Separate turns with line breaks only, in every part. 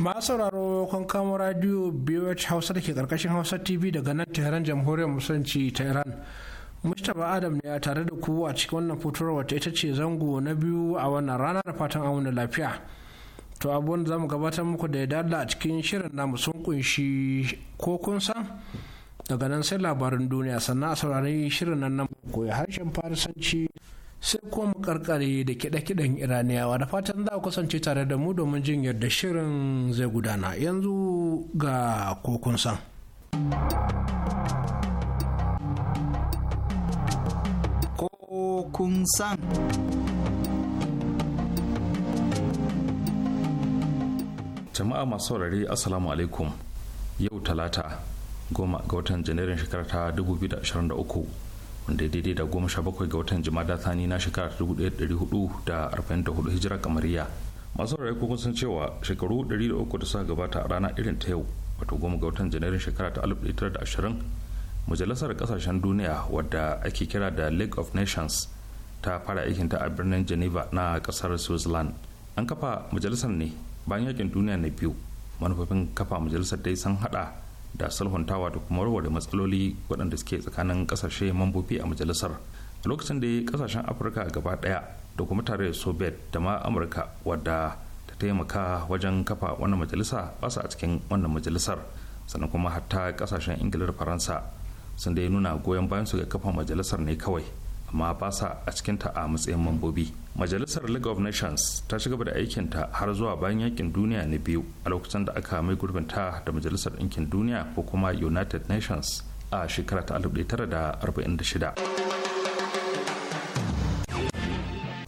masu sauraro kan kamo radio boh hausa da ke karkashin hausa tv daga nan tehran jamhuriyar musulunci ta iran mustapha adam ne tare da ku a cikin wannan fitowar wata ita ce zango na biyu a wannan rana da fatan da lafiya to abubuwan za mu gabatar muku da ya dala a cikin shirin namu sun kunshi ko kun san daga nan sai labarin duniya sannan a saurari shirin nan na ya harshen farisanci sai kuma mu karkare da kiɗe-kiɗen iraniyawa da fatan za a kasance tare da mu domin jin yadda shirin zai gudana yanzu ga kokun san kokun san
jama'a masu saurari assalamu alaikum yau talata goma ga watan janairun shekara ta 2023 wanda ya daidai da goma sha bakwai ga watan jimada thani na shekara dubu ɗaya da hudu da arba'in da hudu hijira kamariya masu rayu kuma sun cewa shekaru ɗari da uku da suka gabata a rana irin ta yau wato goma ga watan janairun shekara ta alif ɗaya da ashirin majalisar ƙasashen duniya wadda ake kira da league of nations ta fara aikinta a birnin geneva na ƙasar switzerland an kafa majalisar ne bayan yakin duniya na biyu manufofin kafa majalisar dai sun hada da sulhuntawa da kuma warware matsaloli waɗanda suke tsakanin ƙasashe mambobi a majalisar a lokacin da ƙasashen afirka gaba ɗaya da kuma tare da soviet da ma amurka wadda ta taimaka wajen kafa wannan majalisa ba su a cikin wannan majalisar sannan kuma hatta ƙasashen ingila da faransa sun dai nuna goyon bayan su ga kafa majalisar ne kawai amma ba sa a cikinta a matsayin mambobi majalisar league of nations ta ci gaba da aikinta har zuwa bayan yakin duniya na biyu a lokacin da aka mai ta da majalisar ɗinkin duniya ko kuma united nations a shekara ta 1946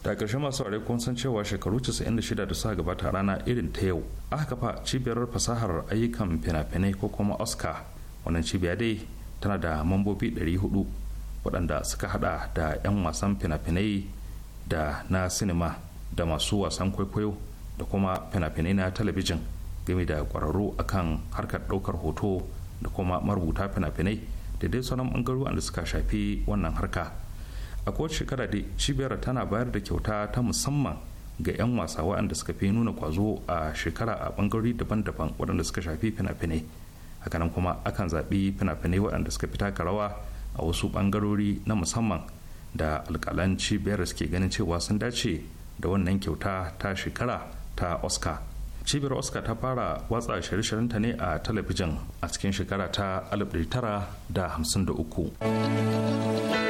da ƙarshe masu aure kun san cewa shekaru 96 da suka gabata rana irin ta yau aka kafa cibiyar fasahar ayyukan fina-finai ko kuma oscar wannan cibiya dai tana da mambobi 400 waɗanda suka hada da 'yan wasan fina-finai da na sinima da masu wasan kwaikwayo da kuma fina-finai na talabijin game da ƙwararru akan harkar ɗaukar hoto da kuma marubuta fina-finai da dai sauran ɓangaru da suka shafi wannan harka a kowace shekara dai cibiyar tana bayar da kyauta ta musamman ga 'yan wasa waɗanda suka fi nuna kwazo a shekara a ɓangarori daban-daban waɗanda suka shafi fina-finai hakanan kuma akan zaɓi fina-finai waɗanda suka fi taka rawa a wasu bangarori na musamman da alkalan cibiyar suke ganin cewa sun dace da wannan kyauta ta shekara ta oscar cibiyar oscar ta fara watsa shirye-shiryenta ne a talabijin a cikin shekara ta 1953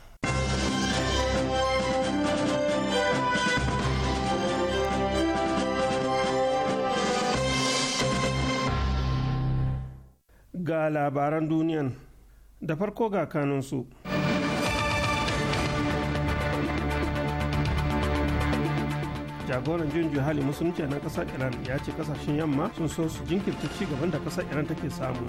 ga labaran duniyan da farko ga kanunsu jagoran jin juhali musulunci na kasar iran ya ce kasashen yamma sun so su jinkirta ci gaban da kasar iran take samu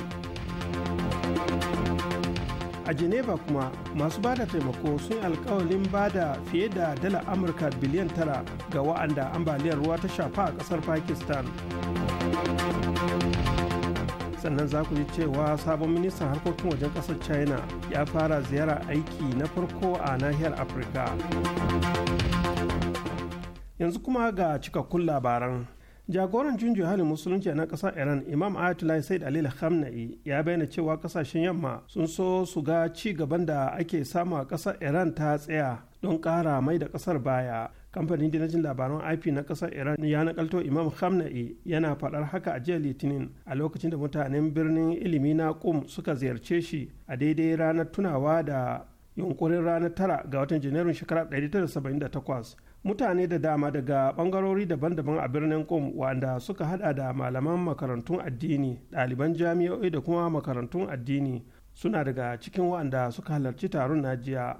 a geneva kuma masu ba da taimako sun yi alkawalin ba da fiye da dala amurka biliyan tara ga wa'anda ambaliyar ruwa ta shafa a kasar pakistan sannan za ku ji cewa sabon ministan harkokin wajen ƙasar china ya fara ziyara aiki na farko a nahiyar afirka yanzu kuma ga cikakkun labaran jagoran junjo halin musulunci na ƙasar iran imam ayatollah said alil hamnai ya bayyana cewa ƙasashen yamma sun so su ga ci gaban da ake samu a kasar iran ta tsaya don ƙara mai da ƙasar baya kamfanin dinajin labaran ip na kasar iran ya nakalto imam hamna'i yana faɗar haka a jiya litinin a lokacin da mutanen birnin ilimi na kum suka ziyarce shi a daidai ranar tunawa da yunkurin ranar tara ga watan janairun shekarar 1978 mutane da dama daga bangarori daban-daban a birnin kum wanda suka hada da malaman makarantun addini ɗaliban jami'o'i da kuma makarantun addini suna daga cikin wanda suka halarci taron najiya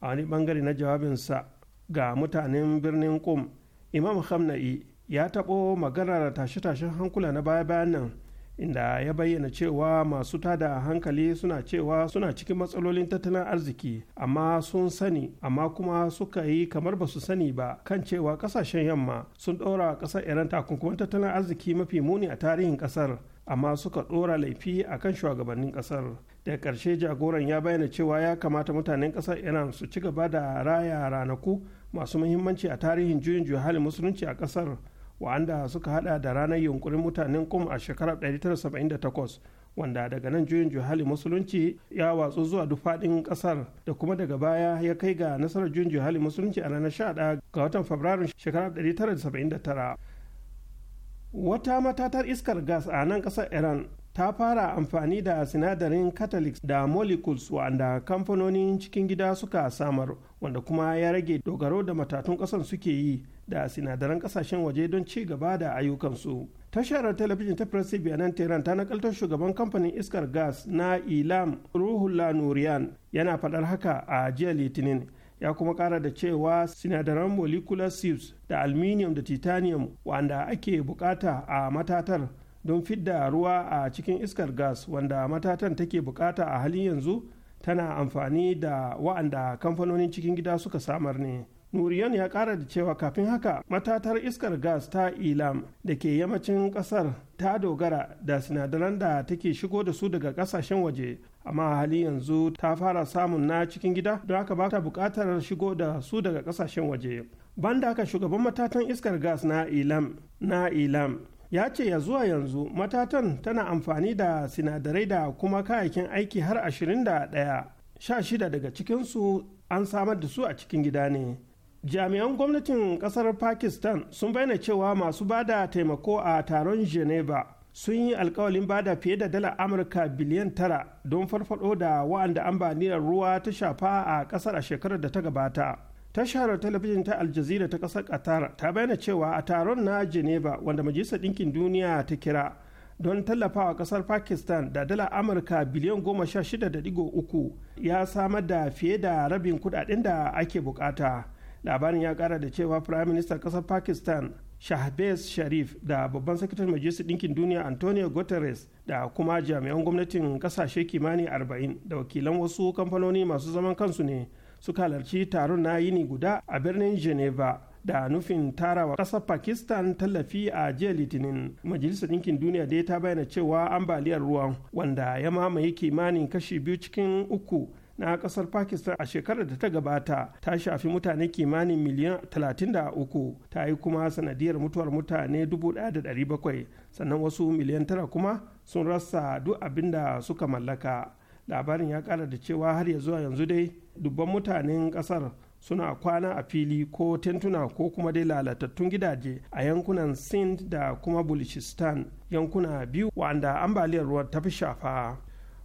a wani bangare na jawabinsa ga mutanen birnin ƙum imam hamna'i ya taɓo da tashe-tashen hankula na baya-bayan nan inda ya bayyana cewa masu tada hankali suna cewa suna cikin matsalolin tattalin arziki amma sun sani amma kuma suka yi kamar ba su sani ba kan cewa kasashen yamma sun ɗora ƙasar iran takunkumin tattalin arziki mafi muni a tarihin ƙasar amma suka ɗora laifi a kan shugabannin ƙasar da ƙarshe jagoran ya bayyana cewa ya kamata mutanen ƙasar iran su ci gaba da raya ranaku masu muhimmanci a tarihin juyin juya halin musulunci a ƙasar wa'anda suka hada da ranar yunkurin mutanen kum a shekarar 1978 wanda daga nan juyin juya halin musulunci ya watsu zuwa duk faɗin ƙasar da kuma daga baya ya kai ga nasarar juyin juya halin musulunci a ranar 11 ga watan fabrairun shekarar 1979 wata matatar iskar gas a nan kasar iran ta fara amfani da sinadarin catholics da molecules wanda kamfanonin cikin gida suka samar wanda kuma ya rage dogaro da matatun kasan suke yi da sinadaran kasashen waje don ci gaba da ayyukansu tashar talabijin ta press cb nan tehran ta nakaltar shugaban kamfanin iskar gas na ilam ruhullah nuriyan yana faɗar haka a jiya litinin ya kuma kara da cewa sinadaran molecular sieves da aluminium da titanium wanda ake bukata a matatar don fidda ruwa a cikin iskar gas wanda matatan take bukata a halin yanzu tana amfani da wa'anda kamfanonin cikin gida suka samar ne nuriyan ya kara da cewa kafin haka matatar iskar gas ta ilam da ke yammacin kasar ta dogara da sinadaran da take shigo da su daga kasashen waje amma hali yanzu ta fara samun na cikin gida don haka ba ta bukatar shigo da su daga kasashen waje banda haka shugaban matatan iskar gas na ilam na ilam ya ce ya zuwa yanzu matatan tana amfani da sinadarai da kuma kayayyakin aiki har 21 sha shida daga cikinsu an samar da su a cikin gida ne jami'an gwamnatin kasar pakistan sun bayyana cewa masu bada taimako a taron geneva sun yi alkawalin bada fiye da dala amurka biliyan tara don farfado da wa'anda ambaliyar ruwa ta shafa a kasar a shekarar da ta gabata tashar talabijin ta aljazira ta kasar qatar ta bayyana cewa a taron na geneva wanda majalisar ɗinkin duniya ta kira don tallafawa kasar pakistan da dala amurka biliyan goma sha shida da digo uku ya samar da fiye da rabin kudaden da ake bukata labarin ya kara da cewa prime minister kasar pakistan shahbaz sharif da babban sakataren majalisar ɗinkin duniya antonio guterres da kuma jami'an gwamnatin kasashe kimani 40 da wakilan wasu kamfanoni masu zaman kansu ne suka halarci taron na yini guda a birnin geneva da nufin tarawa ƙasar pakistan tallafi a jiya litinin majalisar ɗinkin duniya dai ta bayyana cewa ambaliyar ruwan wanda ya mamaye kimanin kashi biyu cikin uku na kasar pakistan a shekarar da ta gabata ta shafi mutane kimanin miliyan 33 ta yi kuma sanadiyar mutuwar mutane 1,700 sannan wasu miliyan tara kuma sun rasa duk abin da suka mallaka labarin ya kara da cewa har ya zuwa yanzu dai dubban mutanen kasar suna kwana a fili ko tentuna ko kuma dai lalatattun gidaje a yankunan sind da kuma bulishistan yankuna biyu wa'anda ambaliyar ruwa ta fi shafa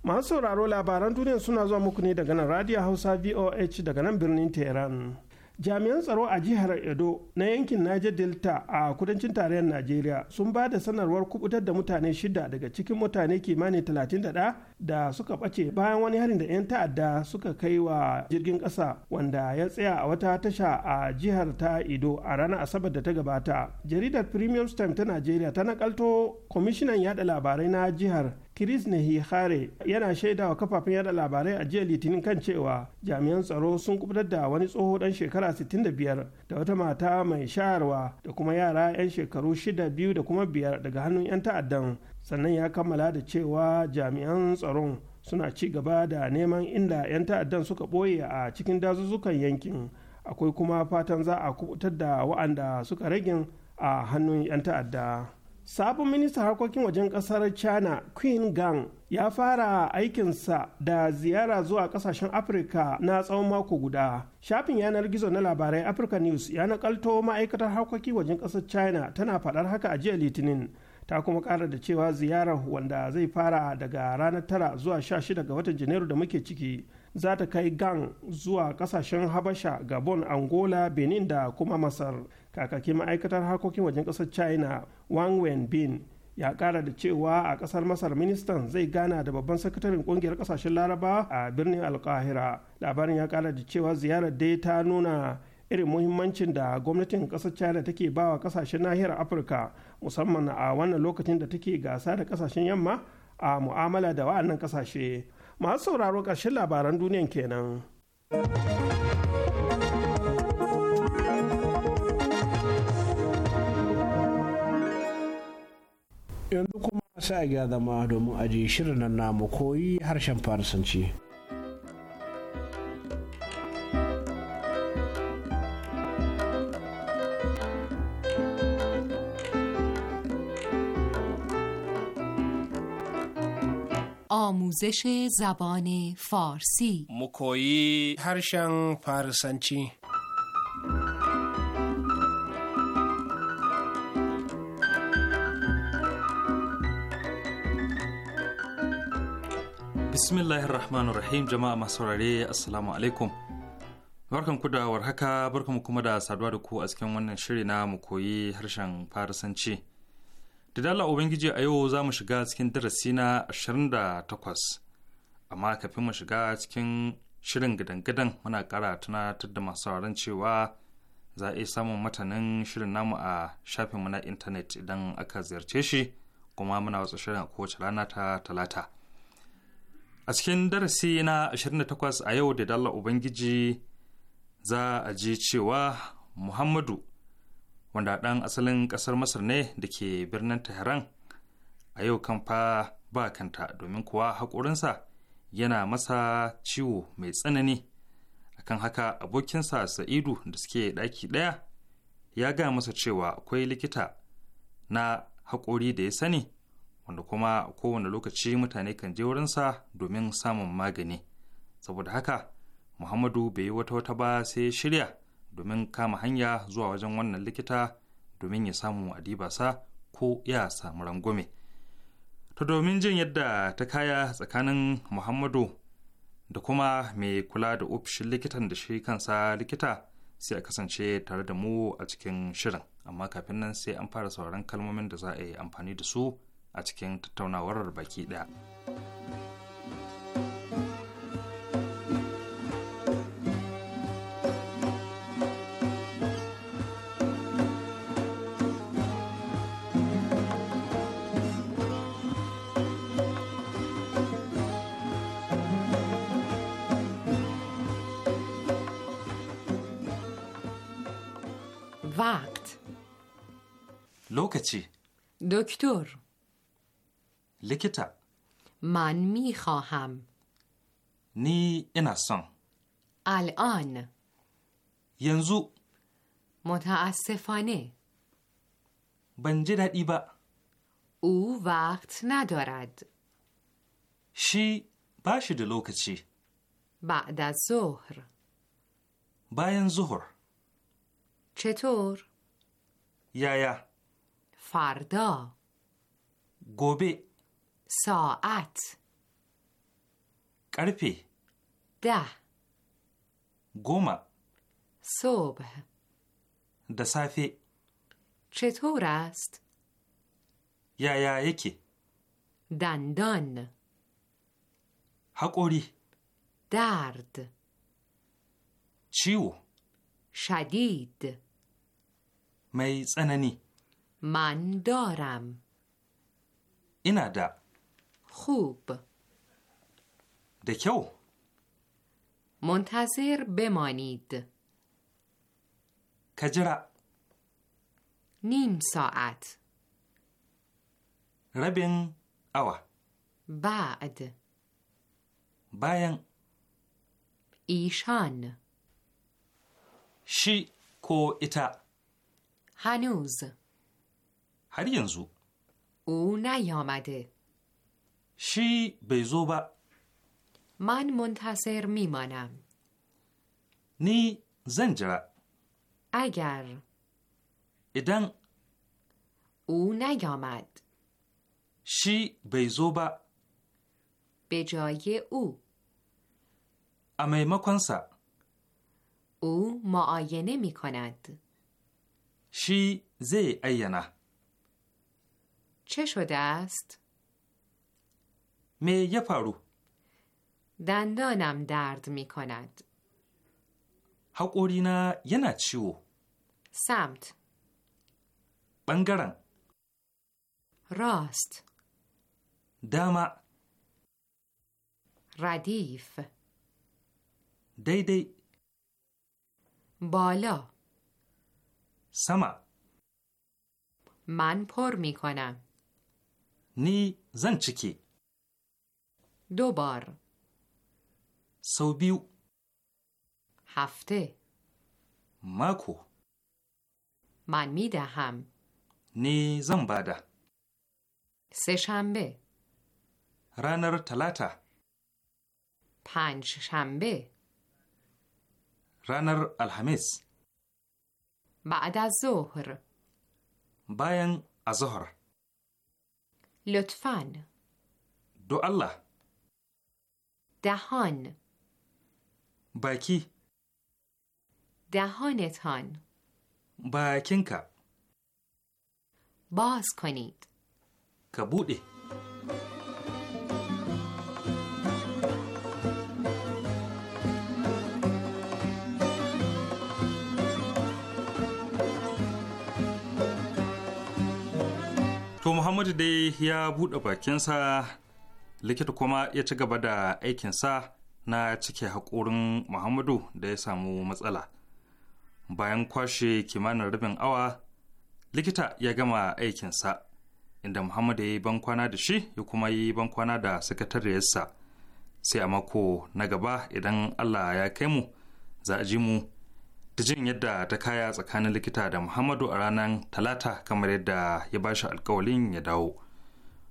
masu sauraro labaran duniya suna zuwa muku ne daga nan radio hausa voh daga nan birnin tehran jami'an tsaro a jihar edo na yankin niger delta a kudancin tarayyar najeriya sun ba da sanarwar kubutar da mutane shida daga cikin mutane kimanin 31 da suka ɓace bayan wani harin da 'yan ta'adda suka kai wa jirgin ƙasa wanda ya tsaya a wata tasha a jihar ta edo a ranar asabar da ta gabata jaridar premium time ta najeriya ta nakalto kwamishinan yada labarai na jihar Chris Nehihare yana wa kafafen yada labarai a jiya litinin kan cewa jami'an tsaro sun kubutar da wani tsoho dan shekara 65 da wata mata mai shayarwa da kuma yara 'yan shekaru 6 biyu da kuma biyar daga hannun 'yan ta'addan sannan ya kammala da cewa jami'an tsaron suna ci gaba da neman inda 'yan ta'addan suka boye a cikin dazuzzukan yankin akwai kuma fatan za a kubutar da wa'anda suka ragin a hannun 'yan ta'adda. sabon ministan harkokin wajen kasar china queen gang ya fara aikinsa da ziyara zuwa kasashen afirka na tsawon mako guda shafin yanar gizo na labarai africa news ya nakalto ma'aikatar harkokin wajen kasar china tana faɗar haka a jiya litinin ta kuma ƙara da cewa ziyarar wanda zai fara daga ranar tara zuwa sha shida ga watan janairu da muke ciki za ta kai gang zuwa kasashen habasha gabon angola benin da kuma masar kakakin ma'aikatar harkokin wajen ƙasar china wang wenbin ya kara da cewa a kasar masar ministan zai gana da babban sakataren kungiyar kasashen laraba a birnin alkahira labarin ya kara da cewa ziyarar dai ta nuna irin muhimmancin da gwamnatin kasar china take ba wa kasashen nahiyar afirka musamman a wannan lokacin da take gasa da kasashen yamma a mu'amala da wa'annan kasashe masu sauraro ƙarshen labaran duniyan kenan.
yanzu kuma sa a zama domin aji shirin nan namu koyi harshen farisanci.
آموزش زبان فارسی
مکویی هرشن فارسنچی
rahim jama'a masu saurare assalamu alaikum. Barkan ku da warhaka barkan mu kuma da saduwa da ku a cikin wannan shiri na mu koyi harshen Farisanci. Da dala Ubangiji a yau za mu shiga cikin darasi na 28. Amma kafin mu shiga cikin shirin gidan-gidan muna kara tunatar da masu sauraron cewa za a iya samun matanin shirin namu a shafinmu na intanet idan aka ziyarce shi kuma muna watsa shirin a kowace rana ta talata. a cikin darasi na 28 a yau da dalla ubangiji za a ji cewa muhammadu wanda ɗan asalin ƙasar masar ne da ke birnin tehran a yau kan fa ba kanta domin kuwa haƙorinsa yana masa ciwo mai tsanani akan haka abokinsa sa'idu da suke ɗaki ɗaya ya gaya masa cewa akwai likita na haƙori da ya sani wanda kuma kowane lokaci mutane kan je wurinsa domin samun magani saboda haka muhammadu bai yi wata wata ba sai ya shirya domin kama hanya zuwa wajen wannan likita domin ya samu adibasa ko ya samu rangwame ta domin jin yadda ta kaya tsakanin muhammadu da kuma mai kula da ofishin likitan da shi kansa likita sai a kasance tare da mu a cikin shirin amma kafin nan sai an fara sauran kalmomin da za a yi amfani da su a cikin tattaunawar baki ɗaya. وقت لوکچی likita.
من می خواهم.
نی انسان.
الان. ینزو. متاسفانه.
بنجه ندی با.
او وقت ندارد.
شی باشی کچی
بعد از ظهر.
باین ظهر.
چطور؟ یا یا. فردا. گوبه. ساعت قرپی ده گوما صبح
دسافی
چطور است؟
یا یا یکی
دندان حقوری درد چیو شدید
می زننی
من دارم این دا خوب دکو منتظر بمانید کجرا نیم ساعت
ربن اوا
بعد باین ایشان
شی کو ایتا
هنوز هر ینزو او نیامده
شی بیزو با
من منتظر میمانم
نی زنجره
اگر
ادن او
نیامد
شی بیزو
به جای او
اما کنسا
او معاینه می کند
شی زی اینه
چه شده است؟
می یه پارو
دندانم درد می کند
حقورینا یه چیو
سمت
بنگرن راست داما
ردیف دیدی بالا سما من پر می کنم
نی زن دو بار سو هفته ماکو
من میدهم دهم نی سه شنبه
رانر تلاتا
پنج شنبه
رانر الهمیز
بعد از ظهر
باین از ظهر
لطفاً دو الله دهان باکی دهانتان
باکنکا
باز کنید
کبوده To Muhammadu dai ya buɗe bakinsa likita kuma ya ci gaba da aikinsa na cike haƙorin muhammadu da ya samu matsala bayan kwashe kimanin rabin awa likita ya gama aikinsa inda muhammadu ya yi bankwana da shi ya kuma yi bankwana da sakatariyarsa sai a mako na gaba idan allah ya kai mu za a ji mu da jin yadda ta kaya tsakanin likita da muhammadu a ranar talata kamar yadda ya bashi alkawalin ya dawo.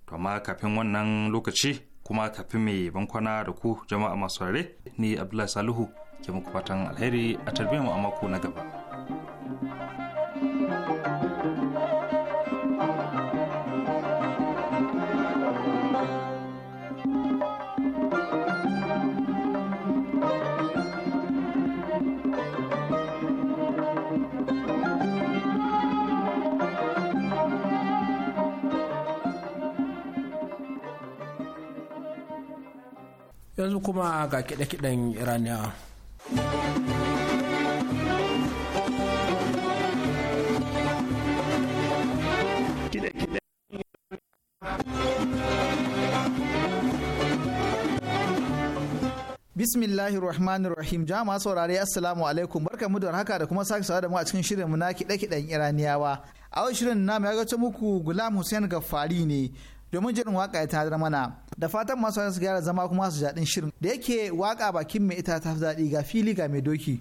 to amma kafin wannan lokaci kuma kafin mai bankwana da ku jama'a masu rare ni abdullahi saluhu ke muku fatan alheri a tarbiyyar mu a mako na gaba.
kuma ga kiɗe-kiɗen iraniya
kiɗe-kiɗe
Bismillahir Rahmanir Rahim. Jama'a saurare Assalamu alaikum. Barkamu da haka da kuma sake sawa da mu a cikin shirinmu na kiɗe-kiɗen Iraniyawa. A wani shirin namu ya muku Gulam Hussein gafari ne domin jirin waka ya tanadar mana da fatan masu wani su gyara zama kuma su jaɗin shirin da yake waka bakin mai ita ta fi daɗi ga fili ga mai doki.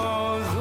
nós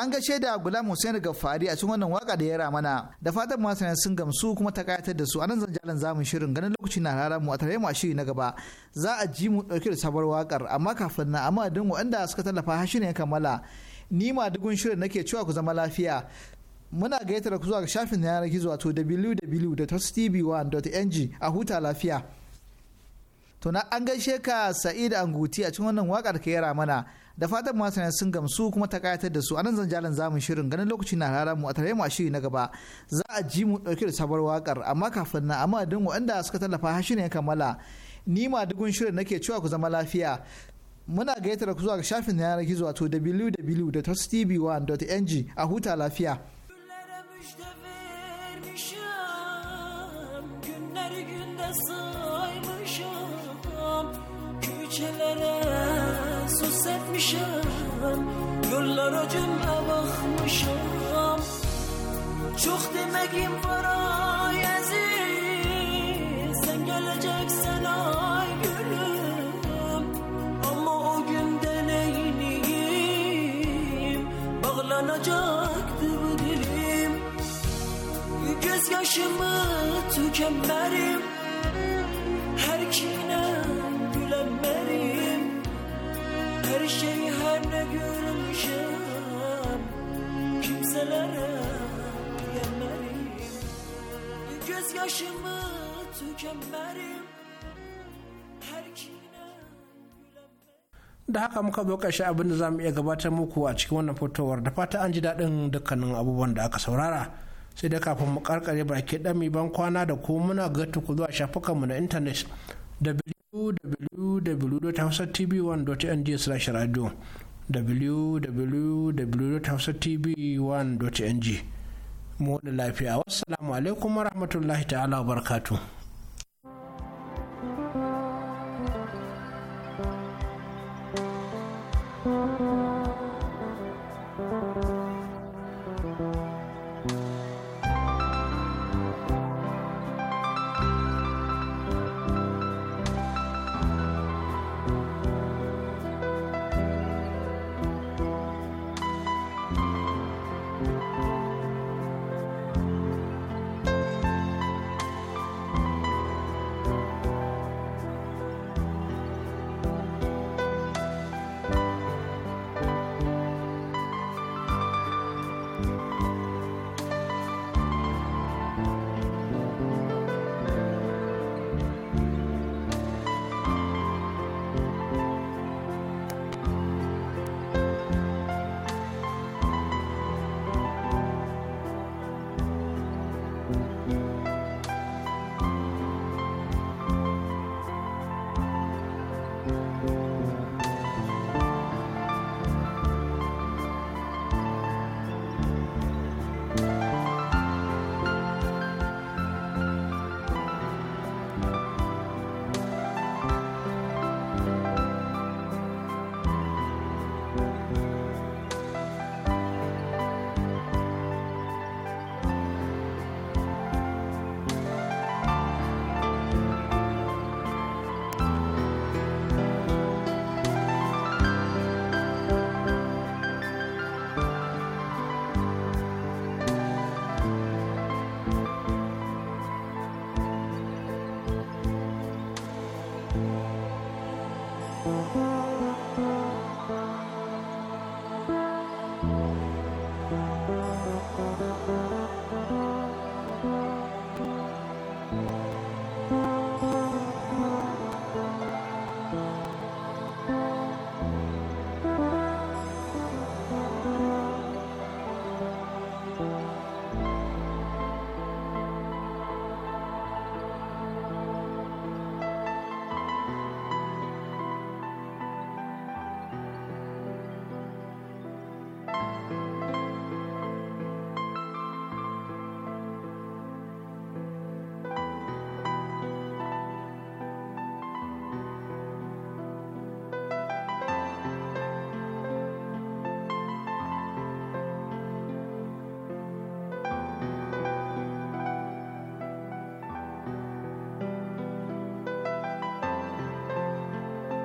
an gaishe da Gulam Hussein Gaffari a cikin wannan waka da ya mana da fatan masana sun gamsu kuma ta kayatar da su anan zan jalan zamu shirin ganin lokaci na rara mu a tare mu a shiri na gaba za a ji mu dauki da sabar wakar amma kafin na amma din wanda suka tallafa har shirin ya kammala ni ma dugun shirin nake cewa ku zama lafiya muna gayyatar ku zuwa ga shafin yanar gizo wato www.tv1.ng a huta lafiya to na an gaishe ka Sa'id Anguti a cikin wannan wakar ka yara mana da fatan masana sun gamsu kuma ta kayatar da su anan zan jalan zamu shirin ganin lokaci na rara mu a tare mu a shiri na gaba za a ji mu dauke da sabar wakar amma kafin na amma din waɗanda suka tallafa har ya kammala ni ma dugun shirin nake cewa ku zama lafiya muna gayyatar ku zuwa ga shafin yanar gizo wato www.tv1.ng a huta lafiya
Günleri günde saymışım Küçelere Sus etmişim Yıllar öcümde bakmışım Çok demekim var ay aziz Sen geleceksen ay gülüm Ama o günden eyniyim Bağlanacaktı bu dilim Gözyaşımı tükenmerim yaşımı tükenmerim her
da haka muka zo ƙarshe abin da zamu iya gabatar muku a cikin wannan fitowar da fata an ji daɗin dukkanin abubuwan da aka saurara sai da kafin mu karkare baki ɗami ban kwana da ko muna ga ku zuwa shafukanmu na intanet www.hausatv1.ng/radio www.hausatv1.ng mu da lafiya wassalamu alaikum rahmatullahi ta'ala barkatu.